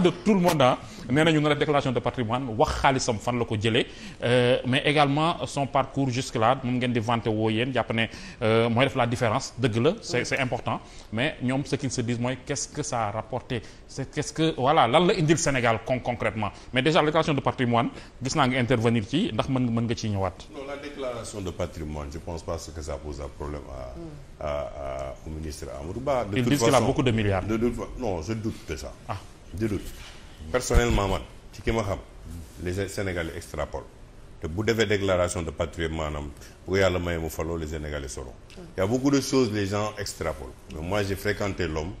de tout le monde ah nee nañu na def déclaration de patrimoine wax xaalisam fan la ko jëlee euh, mais également son parcours jusque là moom ngeen di vanté woo yéen jàpp ne euh, mooy def la différence dëgg la c'est important mais ñoom ce qu'ils mooy qu'est-ce que ça a c'est que voilà lan la indil Sénégal concrètement mais déjà la déclaration de patrimoine gis naa nga intervenir ci ndax mën nga ciy ñëwaat. non la déclaration de patrimoine je mm. a jëlul personnellement man ci ki ma xam les Sénégalais extrapolent te bu defee déclaration de patrimoine maanaam bu yàlla mayee mu faloo les Sénégalais seront y a beaucoup de choses les gens extrapolent mais moi j'ai fréquenté l'homme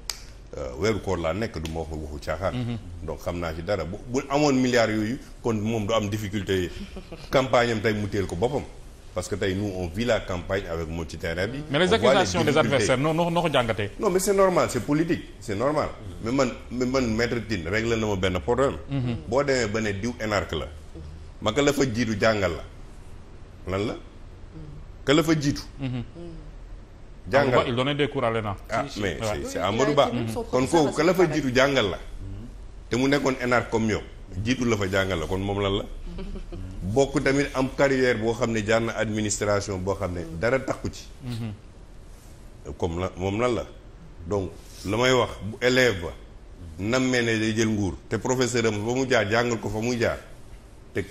euh, weeru koor laa nekk du ma wax waxu caaxaan. Mm-hmm. donc xam naa ci dara bu bu amoon milliards yooyu kon moom du am difficulté campagne tey mu teel ko boppam. parce que tey nous on vit la campagne avec moom ci terrain bi. mais les accusations des adversaires non non ko jàngatee. non mais c' est normal c' est politique c' est normal. mais man mais man maître na ma benn problème. Mhm. boo demee ba ne diw énarque la. ma ka la fa jiitu jàngal la lan la. ka la fa jiitu. Mhm. jàngal ah, kon kooku ka la jàngal la. te mu nekkoon énarque comme yow jiitu la fa jàngal la kon moom lan la. bokk tamit am carrière boo xam ne jaar na administration boo xam ne dara takku ci comme la moom lan la donc la may wax bu élève ba nammee ne day jël nguur te professeur am ba mu jaar jàngal ko fa muy jaar te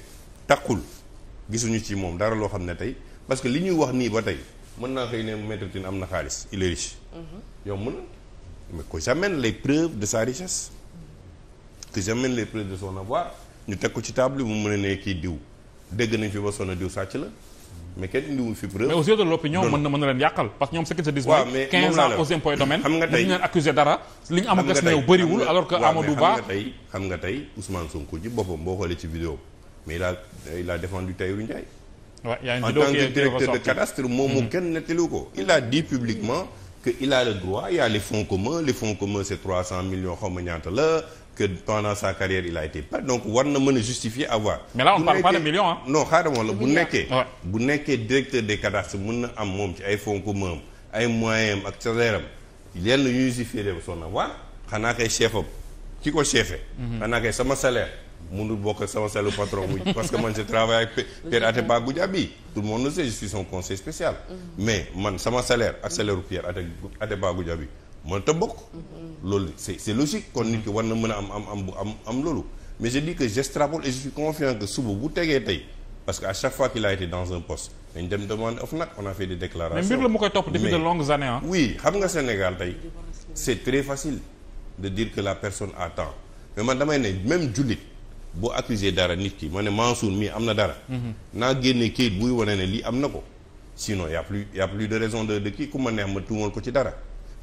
takkul gisuñu ci moom dara loo xam ne tey parce que li ñuy wax nii ba tey mën naa xëy ne Maître Tine am na xaalis il est riche yow mën na mais que j'amène les preuves de sa richesse que j'amène les preuves de son avoir ñu teg ci table mu mën a ne kii diw dégg nañ fi ba sonn diw sàcc la mais kenn indiwul fi preuve. mais aux yeux de l'opinion mën na mën na leen yàqal parce que ñoom ce qu'ils se disent. waaw mais 15 ans aux impôts et domaines. xam nga tey ñu leen accusé dara. li ñu am gas néew bëriwul alors que Amadou Ba. xam nga tey xam nga tey Ousmane Sonko ci boppam boo xoolee ci vidéo mais il a il a défendu Tahirou Ndiaye. waaw yaa ngi en tant que directeur de cadastre moom moo mm-hmm. kenn nettaliwu ko. il a dit publiquement que il a le droit il y a les fonds communs les fonds communs c'est 300 millions xaw ma ñaata la que pendant sa carrière il a été pas donc war na mën a justifier avoir. mais là on parle pas de millions hein. non xaaral ma la bu nekkee. bu nekkee directeur des cadastres mën na am moom ci ay fonds commun ay moyens ak salaire am yenn yu justifier son avoir xanaa kay chef am ko chefé. Mhm. xanaa kay sama salaire. mënul bokk sama salu patron muy parce que man je travaille avec Pierre Atepa Goudiaby tout monde le sait je suis son mhm. mais man sama salaire ak mënta bokk. loolu c'est c'est logique kon nit ki war na mën a am am am bu am am loolu mais je dis que j'extrapole et je suis que suba bu tegee tey parce que à chaque fois qu'il a été dans un poste dañ dem demande OFNAC on a fait des déclarations. mais mbir la de longues personne attend mais man damay ne même jullit boo accusé dara nit ki ma ne Mansour mii am na dara. Mhm. naa génne kayit buy wane ne lii am na ko sinon y a plus y a plus de raison de de kii ku ma neex ma tuumal ko ci dara.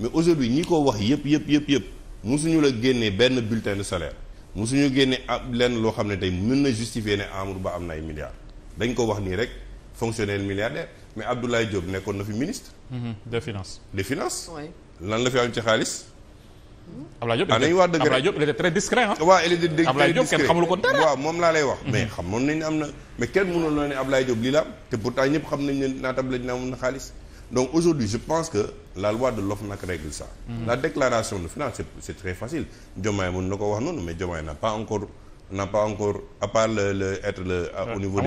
mais aujourd'hui ñi ko wax yëpp yëpp yëpp yëpp musuñu la génnee benn bulletin de salaire musuñu génne ab lenn loo xam ne tey mën na justifier ne Amadou Ba am na ay milliards dañ ko wax nii rek fonctionnaire milliardaire mais Abdoulaye Diop nekkoon na fi ministre. Mm-hmm. des finances. des finances. lan la fi am ci xaalis. Abdoulaye Diop dañuy ah, wax dëgg rek Abdoulaye Diop kenn xamul ko dara waaw moom laa lay wax. mais mm-hmm. xamoon nañ ne am na mais kenn mënoon na ne Abdoulaye Diop lii la am te pourtant ñëpp xam nañ ne naatable lañ ne amoon na xaalis. donc aujourd'hui je pense que la loi de l'OFNAC règle ça mm -hmm. la déclaration de finance c'est c'est très facile Diomaye mën na ko wax noonu mais Diomaye n'a pas encore n'a pas encore à part le le le au niveau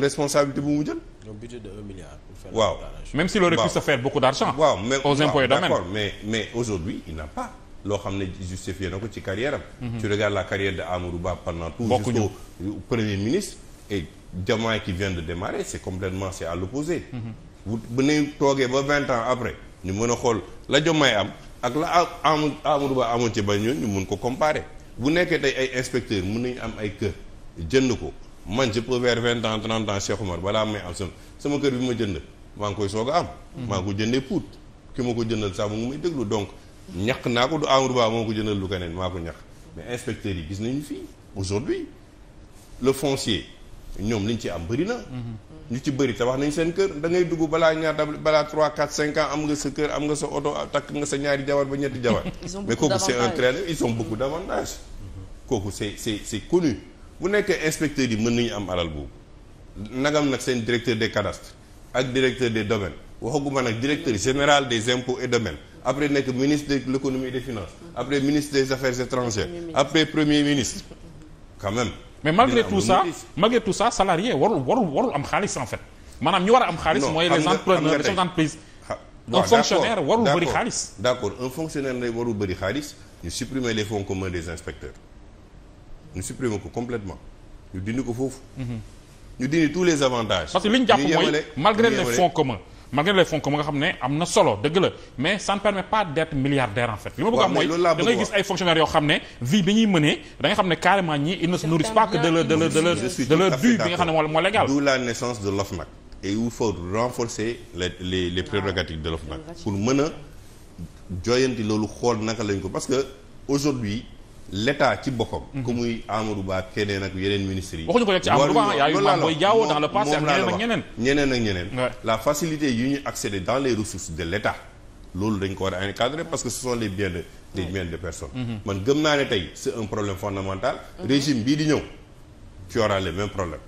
responsabilité bu mu jël donc budget de 1 milliard pour faire d'argent waaw mais aujourd'hui il n'a pas loo xam ne justifié na ko ci carrière am mm-hmm. tu la carrière de Amadou Ba pendant tout jusqu'au euh, premier ministre et Diomaye qui vient de démarrer c'est complètement bu bu ñu toogee ba vingt ans après ñu mën a xool la Diomaye am ak la am Amadou Ba amoon ci ba ñun ñu mun ko comparer bu nekkee tey ay inspecteurs mun nañu am ay kër jënd ko man je peux vers vingt ans trente ans Cheikh Omar balaa may am sama kër bi ma jënd maa ngi koy soog a am. Mm-hmm. maa ngi ko jëndee puut ki ma ko jëndal sax mu ngi may déglu donc ñàkk naa ko du Amadou Ba moo ko jëndal lu keneen maa ko ñàkk mais inspecteurs yi gis nañu fii aujourd'hui le foncier. ñoom ñu ci am bëri na. ñu ci bëri wax nañ seen kër da ngay dugg balaa ñaar balaa 3 4 5 ans am nga sa kër am nga sa oto takk nga sa ñaari jawar ba ñetti jabar. mais kooku c'est un train ils ont beaucoup d'avantages. kooku c'est c'est c'est connu bu nekkee inspecteurs yi mën nañu am alal boobu nagam nag seen directeur des cadastres ak directeur des domaines waxaguma nag directeur général des impôts et domaines après nekk ministre de l'économie et des finances après ministre des affaires étrangères après premier ministre quand même. mais malgré tout ça malgré tout ça salarié warul warul warul am xaalis en fait maanaam ñu war a am xaalis mooy les entrepreneurs les entreprises un fonctionnaire warul bëri xaalis d'accord un fonctionnaire day warul bëri xaalis ñu supprimer les fonds communs des inspecteurs ñu supprimer ko complètement ñu dindi ko foofu mhm. ñu dindi tous les avantages parce que li ñu jàpp mooy malgré les fonds communs malgré les fonds comme nga xam ne am na solo dëgg la mais ça ne pas d'être milliardaire en fait li ma bëgg am mooy da ngay gis ay fonctionnaires yoo xam ne vie bi ñuy mënee da nga xam ne carrément ñii ils ne se nourrissent pas que de leur de leur de leur de la de l'OFNAC de l'OFNAC pour mën joyanti loolu xool naka lañ ko parce que aujourd'hui l' ci boppam. Mhm. ku muy Amadou Ba keneen ak yeneen ministres yi. waxuñu ko rek ci Amadou Ba yaa yu Mame Boye Diao dans le passé ak ñeneen ak ñeneen. la facilité yu ñu accéder dans les ressources de l' loolu dañ ko war a encadrer parce que ce sont les biens de des de personnes. Mhm. man gëm naa ne tey c' un problème fondamental. Mhm. régime bii di ñëw tu le même problème.